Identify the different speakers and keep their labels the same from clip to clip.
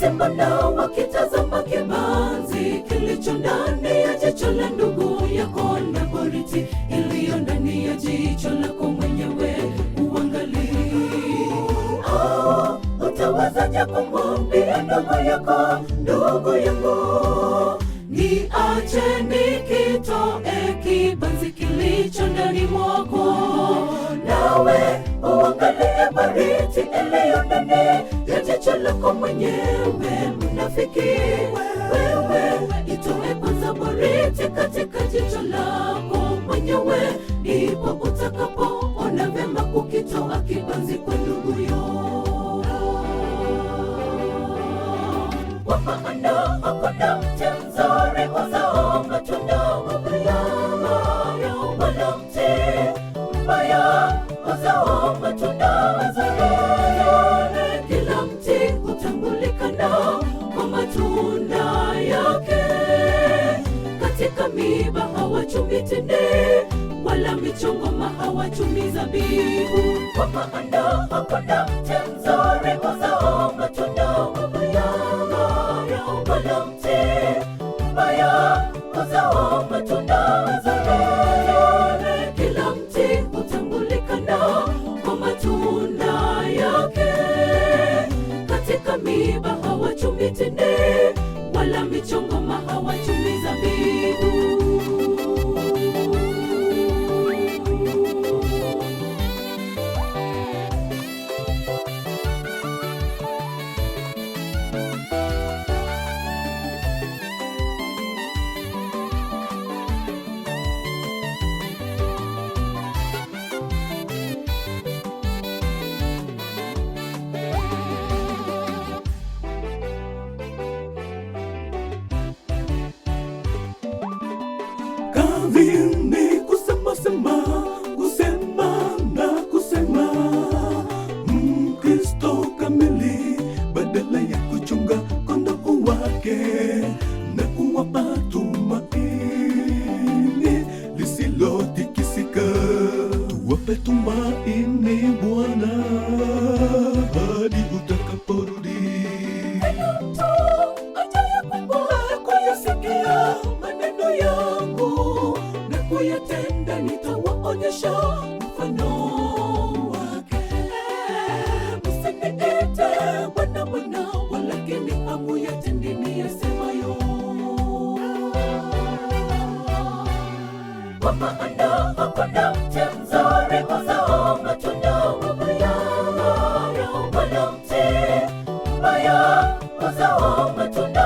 Speaker 1: Simba nao wakitazama kibanzi kilicho ndani ya jicho la ndugu yako na boriti iliyo ndani ya jicho lako mwenyewe uangalie. Oh, utawezaje kumwambia ndugu yako, ndugu yangu, niache nikitoe kibanzi kilicho ndani mwako, nawe uangalie boriti iliyo lako mwenyewe mnafiki, wewe itoe kwanza boriti katika jicho la miiba hawachumi tende, wala michongoma hawachumi zabibu, kwa maana hakuna mche mzuri
Speaker 2: Vini kusema sema kusema na kusema, Mkristo mm, kamili badala ya kuchunga kondoo wake na kuwapa tumaini lisilotikisika. Tuwape tumaini Bwana hadi utakaporudi.
Speaker 1: maonyesho mfano wake. Msiniite bwana mwanao, lakini ya tindini yasemayo kwa maana hakuna mti matunda mabaya, wala mti matunda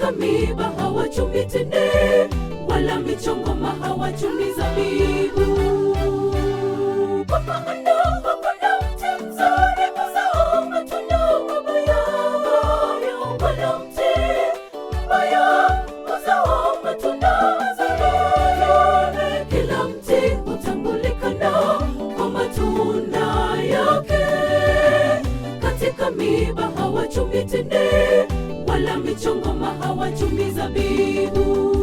Speaker 1: Wanaoweka miba hawachumi tende, wala michongoma hawachumi zabibu. kama hawachumi zabibu